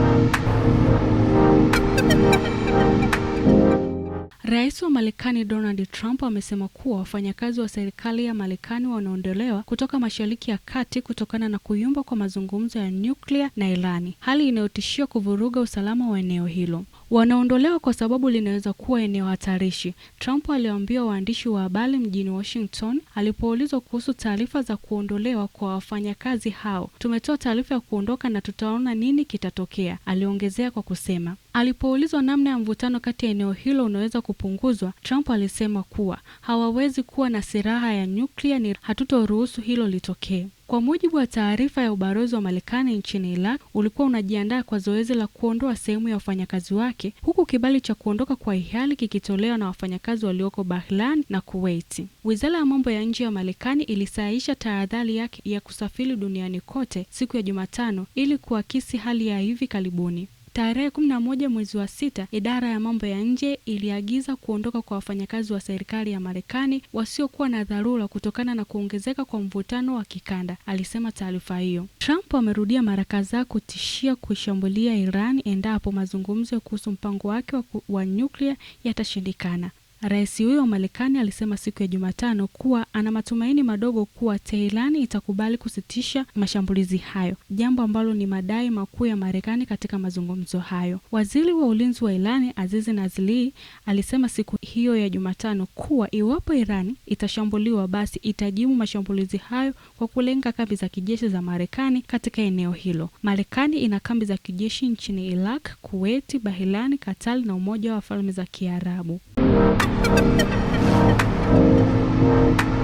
Thank you. Rais wa Marekani Donald Trump amesema kuwa wafanyakazi wa serikali ya Marekani wanaondolewa kutoka Mashariki ya Kati kutokana na kuyumba kwa mazungumzo ya nyuklia na Irani, hali inayotishia kuvuruga usalama wa eneo hilo. Wanaondolewa kwa sababu linaweza kuwa eneo hatarishi, Trump aliwaambia waandishi wa habari mjini Washington alipoulizwa kuhusu taarifa za kuondolewa kwa wafanyakazi hao. Tumetoa taarifa ya kuondoka na tutaona nini kitatokea, aliongezea kwa kusema. Alipoulizwa namna ya mvutano kati ya eneo hilo unaweza kupunguzwa, Trump alisema kuwa hawawezi kuwa na silaha ya nyuklia ni hatutoruhusu hilo litokee. Kwa mujibu wa taarifa ya ubalozi wa Marekani nchini Iraq, ulikuwa unajiandaa kwa zoezi la kuondoa sehemu ya wafanyakazi wake, huku kibali cha kuondoka kwa hiari kikitolewa na wafanyakazi walioko Bahrain na Kuwait. Wizara ya mambo ya nje ya Marekani ilisahihisha tahadhari yake ya kusafiri duniani kote siku ya Jumatano ili kuakisi hali ya hivi karibuni. Tarehe kumi na moja mwezi wa sita, idara ya mambo ya nje iliagiza kuondoka kwa wafanyakazi wa serikali ya Marekani wasiokuwa na dharura kutokana na kuongezeka kwa mvutano wa kikanda, alisema taarifa hiyo. Trump amerudia mara kadhaa kutishia kuishambulia Iran endapo mazungumzo kuhusu mpango wake wa nyuklia yatashindikana. Rais huyo wa Marekani alisema siku ya Jumatano kuwa ana matumaini madogo kuwa Tehran itakubali kusitisha mashambulizi hayo, jambo ambalo ni madai makuu ya Marekani katika mazungumzo hayo. Waziri wa Ulinzi wa Irani, azizi nazlii alisema siku hiyo ya Jumatano kuwa iwapo Irani itashambuliwa, basi itajibu mashambulizi hayo kwa kulenga kambi za kijeshi za Marekani katika eneo hilo. Marekani ina kambi za kijeshi nchini Iraq, Kuwait, bahilani katali na Umoja wa Falme za Kiarabu. Thank you.